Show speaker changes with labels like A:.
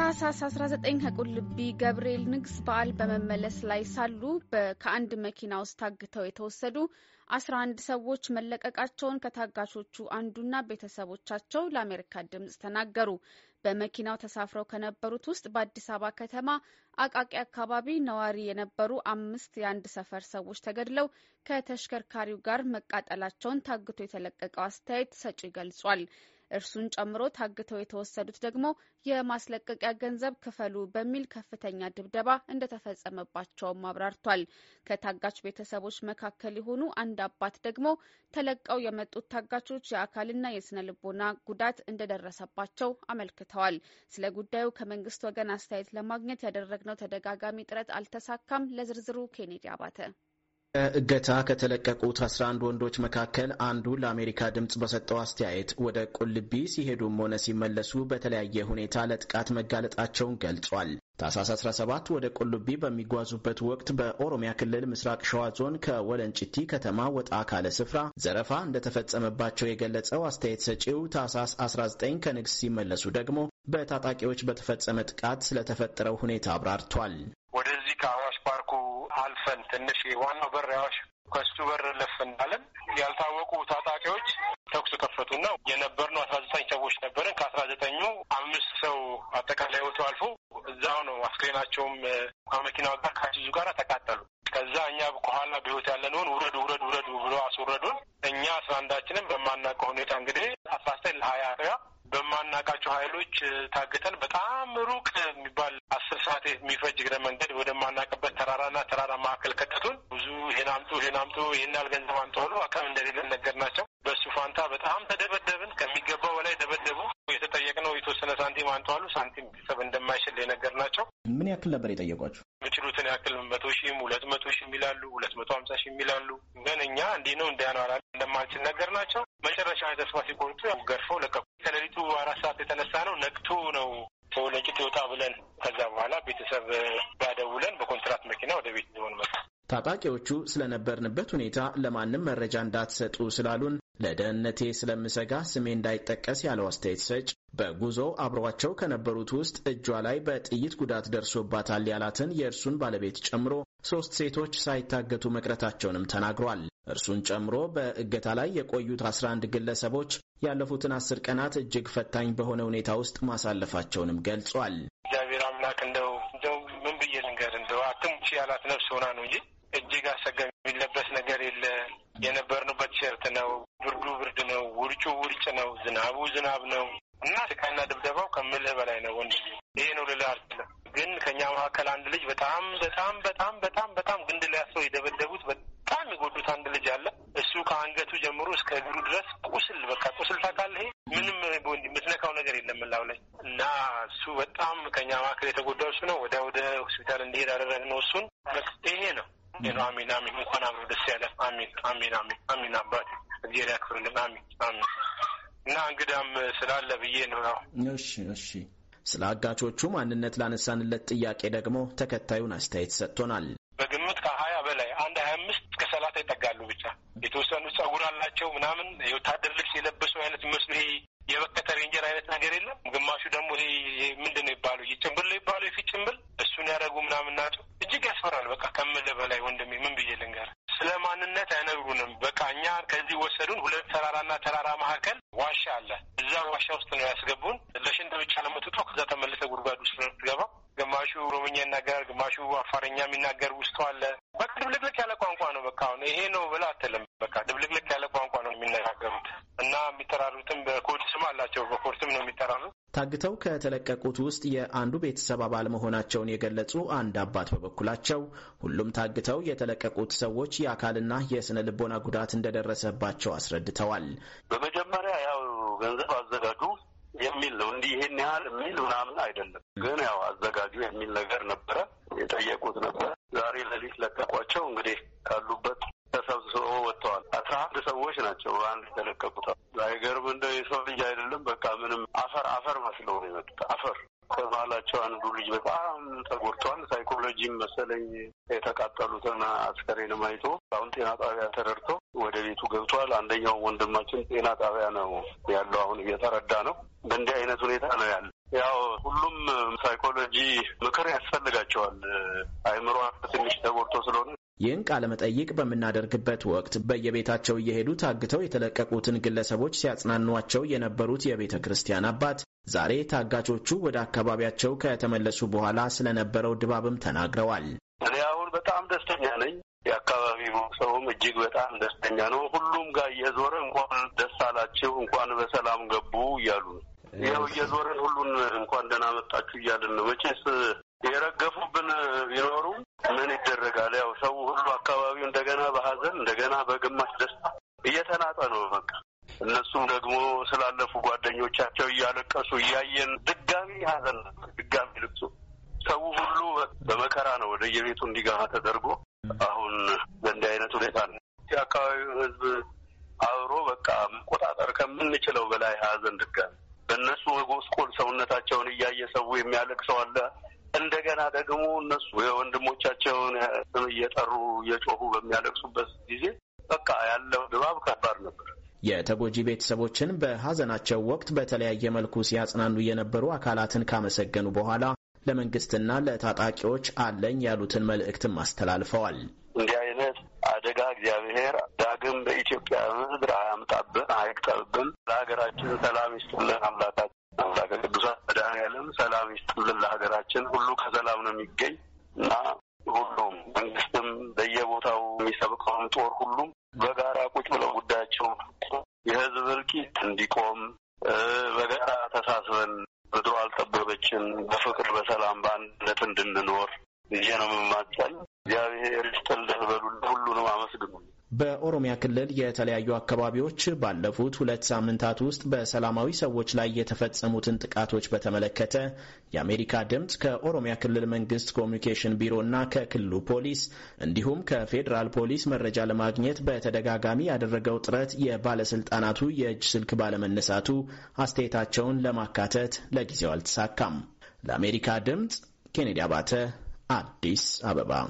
A: ታህሳስ 19 ከቁልቢ ገብርኤል ንግስ በዓል በመመለስ ላይ ሳሉ ከአንድ መኪና ውስጥ ታግተው የተወሰዱ 11 ሰዎች መለቀቃቸውን ከታጋቾቹ አንዱና ቤተሰቦቻቸው ለአሜሪካ ድምጽ ተናገሩ። በመኪናው ተሳፍረው ከነበሩት ውስጥ በአዲስ አበባ ከተማ አቃቂ አካባቢ ነዋሪ የነበሩ አምስት የአንድ ሰፈር ሰዎች ተገድለው ከተሽከርካሪው ጋር መቃጠላቸውን ታግቶ የተለቀቀው አስተያየት ሰጪ ገልጿል። እርሱን ጨምሮ ታግተው የተወሰዱት ደግሞ የማስለቀቂያ ገንዘብ ክፈሉ በሚል ከፍተኛ ድብደባ እንደተፈጸመባቸውም አብራርቷል። ከታጋች ቤተሰቦች መካከል የሆኑ አንድ አባት ደግሞ ተለቀው የመጡት ታጋቾች የአካልና የስነ ልቦና ጉዳት እንደደረሰባቸው አመልክተዋል። ስለ ጉዳዩ ከመንግስት ወገን አስተያየት ለማግኘት ያደረግነው ተደጋጋሚ ጥረት አልተሳካም። ለዝርዝሩ ኬኔዲ አባተ
B: ከእገታ ከተለቀቁት 11 ወንዶች መካከል አንዱ ለአሜሪካ ድምፅ በሰጠው አስተያየት ወደ ቁልቢ ሲሄዱም ሆነ ሲመለሱ በተለያየ ሁኔታ ለጥቃት መጋለጣቸውን ገልጿል። ታህሳስ 17 ወደ ቁልቢ በሚጓዙበት ወቅት በኦሮሚያ ክልል ምስራቅ ሸዋ ዞን ከወለንጭቲ ከተማ ወጣ ካለ ስፍራ ዘረፋ እንደተፈጸመባቸው የገለጸው አስተያየት ሰጪው ታህሳስ 19 ከንግስ ሲመለሱ ደግሞ በታጣቂዎች በተፈጸመ ጥቃት ስለተፈጠረው ሁኔታ አብራርቷል።
C: ወደዚህ ከአዋሽ ለፈን ትንሽ ዋናው በር ያዋሽ ከሱ በር ለፍ እንዳለን ያልታወቁ ታጣቂዎች ተኩስ ከፈቱና የነበርነው አስራ ዘጠኝ ሰዎች ነበርን። ከአስራ ዘጠኙ አምስት ሰው አጠቃላይ ህይወቱ አልፎ እዛው ነው። አስክሬናቸውም ከመኪናው ጋር ከአሲዙ ጋር ተቃጠሉ። ከዛ እኛ ከኋላ በህይወት ያለነውን ውረዱ ውረዱ ውረዱ ብሎ አስወረዱን። እኛ አስራ አንዳችንም በማናውቀው ሁኔታ እንግዲህ አስራ ዘጠኝ ለሀያ ያ በማናቃቸው ኃይሎች ታግተን በጣም ሩቅ የሚባል አስር ሰዓት የሚፈጅ እግረ መንገድ ወደማናቅበት ተራራና ትክክል ብዙ ይሄን አምጡ ይሄን አምጡ ይህን ያህል ገንዘብ አምጡ አሉ። አቅም እንደሌለን ነገር ናቸው። በእሱ ፋንታ በጣም ተደበደብን። ከሚገባው በላይ ደበደቡ። የተጠየቅነው የተወሰነ ሳንቲም አንተዋሉ ሳንቲም ቤተሰብ እንደማይችል
B: ነገር ናቸው። ምን ያክል ነበር የጠየቋቸው? የሚችሉትን ያክል መቶ ሺህም ሁለት መቶ ሺህ ይላሉ፣ ሁለት መቶ ሀምሳ ሺህ
C: ይላሉ። ግን እኛ እንዲህ ነው እንዲያኗራ እንደማንችል ነገር ናቸው። መጨረሻ ተስፋ ሲቆርጡ ገርፈው ለቀቁ። ከሌሊቱ አራት ሰዓት የተነሳ ነው። ነቅቶ ነው ሰው ለጭት ይወጣ ብለን ከዛ በኋላ ቤተሰብ
B: ታጣቂዎቹ ስለነበርንበት ሁኔታ ለማንም መረጃ እንዳትሰጡ ስላሉን ለደህንነቴ ስለምሰጋ ስሜ እንዳይጠቀስ ያለው አስተያየት ሰጭ በጉዞው አብሯቸው ከነበሩት ውስጥ እጇ ላይ በጥይት ጉዳት ደርሶባታል ያላትን የእርሱን ባለቤት ጨምሮ ሶስት ሴቶች ሳይታገቱ መቅረታቸውንም ተናግሯል። እርሱን ጨምሮ በእገታ ላይ የቆዩት 11 ግለሰቦች ያለፉትን አስር ቀናት እጅግ ፈታኝ በሆነ ሁኔታ ውስጥ ማሳለፋቸውንም ገልጿል።
C: እግዚአብሔር አምላክ እንደው እንደው ምን ብዬ ልንገር እንደው አትሙች ያላት ነፍስ ሆና ነው እንጂ እጅግ አሰጋሚ የሚለበስ ነገር የለ። የነበርንበት ሸርት ነው። ብርዱ ብርድ ነው። ውርጩ ውርጭ ነው። ዝናቡ ዝናብ ነው እና ስቃይና ድብደባው ከምልህ በላይ ነው። ወንድ ይሄ ነው ልልህ አልችልም። ግን ከእኛ መካከል አንድ ልጅ በጣም በጣም በጣም በጣም በጣም ግንድ ላይ ሰው የደበደቡት በጣም የጎዱት አንድ ልጅ አለ። እሱ ከአንገቱ ጀምሮ እስከ እግሩ ድረስ ቁስል በቃ ቁስል ታውቃለህ። ይሄ ምንም የምትነካው ነገር የለም ላው ላይ እና እሱ በጣም ከእኛ መካከል የተጎዳው እሱ ነው። ወደ ወደ ሆስፒታል እንዲሄድ አደረግነው እሱን። ይሄ ነው እንዲ አሚን አሚን። እንኳን አብሮ ደስ ያለ። አሚን አሚን አሚን አሚን። አባቴ እግዜር ያክፍርልን። አሚን አሚን። እና እንግዳም ስላለ ብዬ ነው ነው።
B: እሺ እሺ። ስለ አጋቾቹ ማንነት ላነሳንለት ጥያቄ ደግሞ ተከታዩን አስተያየት ሰጥቶናል።
C: በግምት ከሀያ በላይ አንድ ሀያ አምስት እስከ ሰላሳ ይጠጋሉ። ብቻ የተወሰኑ ጸጉር አላቸው ምናምን የወታደር ልብስ የለበሱ አይነት መስሉ ይሄ የበከተ ሬንጀር አይነት ነገር የለም። ግማሹ ደግሞ ምንድ ምንድን ነው ይባሉ ጭንብል ነው ይባሉ የፊት ጭንብል እሱን ያደረጉ ምናምን ናቸው። እጅግ ያስፈራል። በቃ ከምል በላይ ወንድሜ ምን ብዬ ልንገር፣ ስለ ማንነት አይነግሩንም። በቃ እኛ ከዚህ ወሰዱን። ሁለት ተራራና ተራራ መካከል ዋሻ አለ። እዛ ዋሻ ውስጥ ነው ያስገቡን። ለሽንት ብቻ ለመትወጣው ከዛ ተመለሰ ጉድጓድ ውስጥ ነው ትገባ። ግማሹ ኦሮምኛ ይናገራል፣ ግማሹ አፋረኛ የሚናገር ውስጡ አለ። በቃ ድብልቅልቅ ያለ ቋንቋ ነው። በቃ አሁን ይሄ ነው ብላ አትልም። በቃ ድብልቅልቅ ያለ ቋንቋ ነው የሚነጋገሩት እና የሚተራሩትም በስም ነው
B: የሚጠራሩት። ታግተው ከተለቀቁት ውስጥ የአንዱ ቤተሰብ አባል መሆናቸውን የገለጹ አንድ አባት በበኩላቸው ሁሉም ታግተው የተለቀቁት ሰዎች የአካልና የስነ ልቦና ጉዳት እንደደረሰባቸው አስረድተዋል።
A: በመጀመሪያ ያው ገንዘብ አዘጋጁ የሚል ነው እንዲህ ይሄን ያህል የሚል ምናምን አይደለም፣ ግን ያው አዘጋጁ የሚል ነገር ነበረ። የጠየቁት ነበር። ዛሬ ሌሊት ለቀቋቸው። እንግዲህ ካሉበት ተሰብስበው ወጥተዋል። አስራ አንድ ሰዎች ናቸው አንድ የተለቀቁት። አይገርም እንደ የሰው ልጅ አይደለም አፈር መስሎ ነው የመጡት። አፈር ከባህላቸው አንዱ ልጅ በጣም ተጎድተዋል። ሳይኮሎጂም መሰለኝ የተቃጠሉትን አስከሬንም አይቶ አሁን ጤና ጣቢያ ተረድቶ ወደ ቤቱ ገብቷል። አንደኛው ወንድማችን ጤና ጣቢያ ነው ያለው። አሁን እየተረዳ ነው። በእንዲህ አይነት ሁኔታ ነው ያለ። ያው ሁሉም ሳይኮሎጂ ምክር ያስፈልጋቸዋል። አይምሮ ትንሽ ተጎድቶ ስለሆነ
B: ይህን ቃለ መጠይቅ በምናደርግበት ወቅት በየቤታቸው እየሄዱ ታግተው የተለቀቁትን ግለሰቦች ሲያጽናኗቸው የነበሩት የቤተ ክርስቲያን አባት ዛሬ ታጋቾቹ ወደ አካባቢያቸው ከተመለሱ በኋላ ስለነበረው ድባብም ተናግረዋል።
A: እኔ አሁን በጣም ደስተኛ ነኝ። የአካባቢው ሰውም እጅግ በጣም ደስተኛ ነው። ሁሉም ጋር እየዞረ እንኳን ደስ አላችሁ፣ እንኳን በሰላም ገቡ እያሉ ነው። ያው እየዞርን ሁሉን እንኳን ደህና መጣችሁ እያልን ነው። መቼስ የረገፉብን ቢኖሩ ምን ይደረጋል? ያው ሰው ሁሉ አካባቢው እንደገና በሀዘን እንደገና በግማሽ ደስታ እየተናጠ ነው። በቃ እነሱም ደግሞ ስላለፉ ጓደኞቻቸው እያለቀሱ እያየን ድጋሚ ሀዘን ድጋሚ ልብሱ ሰው ሁሉ በመከራ ነው ወደ የቤቱ እንዲገባ ተደርጎ አሁን በእንዲህ አይነት ሁኔታ ነው የአካባቢው ህዝብ አብሮ በቃ መቆጣጠር ከምንችለው በላይ ሀዘን ድጋሚ በእነሱ ጎስቆል ሰውነታቸውን እያየ ሰው የሚያለቅ ሰው አለ። እንደገና ደግሞ እነሱ የወንድሞቻቸውን ስም እየጠሩ እየጮሁ በሚያለቅሱበት ጊዜ በቃ ያለው ድባብ ከባድ ነበር።
B: የተጎጂ ቤተሰቦችን በሀዘናቸው ወቅት በተለያየ መልኩ ሲያጽናኑ የነበሩ አካላትን ካመሰገኑ በኋላ ለመንግስትና ለታጣቂዎች አለኝ ያሉትን መልእክትም አስተላልፈዋል።
A: እንዲህ አይነት አደጋ እግዚአብሔር ዳግም በኢትዮጵያ ምድር አያምጣብን፣ አይቅጠብብን። ለሀገራችን ሰላም ይስጥልን። ሀገራችን ሁሉ ከሰላም ነው የሚገኝ እና ሁሉም መንግስትም በየቦታው የሚሰብከውን ጦር ሁሉም በጋራ ቁጭ ብለው ጉዳያቸውን የህዝብ እልቂት እንዲቆም በጋራ ተሳስበን ምድሮ አልጠበበችን በፍቅር በሰላም በአንድነት እንድንኖር ብዬ ነው የምማጸን። እግዚአብሔር ይስጥልን በሉ። ሁሉንም አመስግኑ።
B: በኦሮሚያ ክልል የተለያዩ አካባቢዎች ባለፉት ሁለት ሳምንታት ውስጥ በሰላማዊ ሰዎች ላይ የተፈጸሙትን ጥቃቶች በተመለከተ የአሜሪካ ድምፅ ከኦሮሚያ ክልል መንግስት ኮሚኒኬሽን ቢሮ እና ከክልሉ ፖሊስ እንዲሁም ከፌዴራል ፖሊስ መረጃ ለማግኘት በተደጋጋሚ ያደረገው ጥረት የባለስልጣናቱ የእጅ ስልክ ባለመነሳቱ አስተያየታቸውን ለማካተት ለጊዜው አልተሳካም። ለአሜሪካ ድምፅ ኬኔዲ አባተ አዲስ አበባ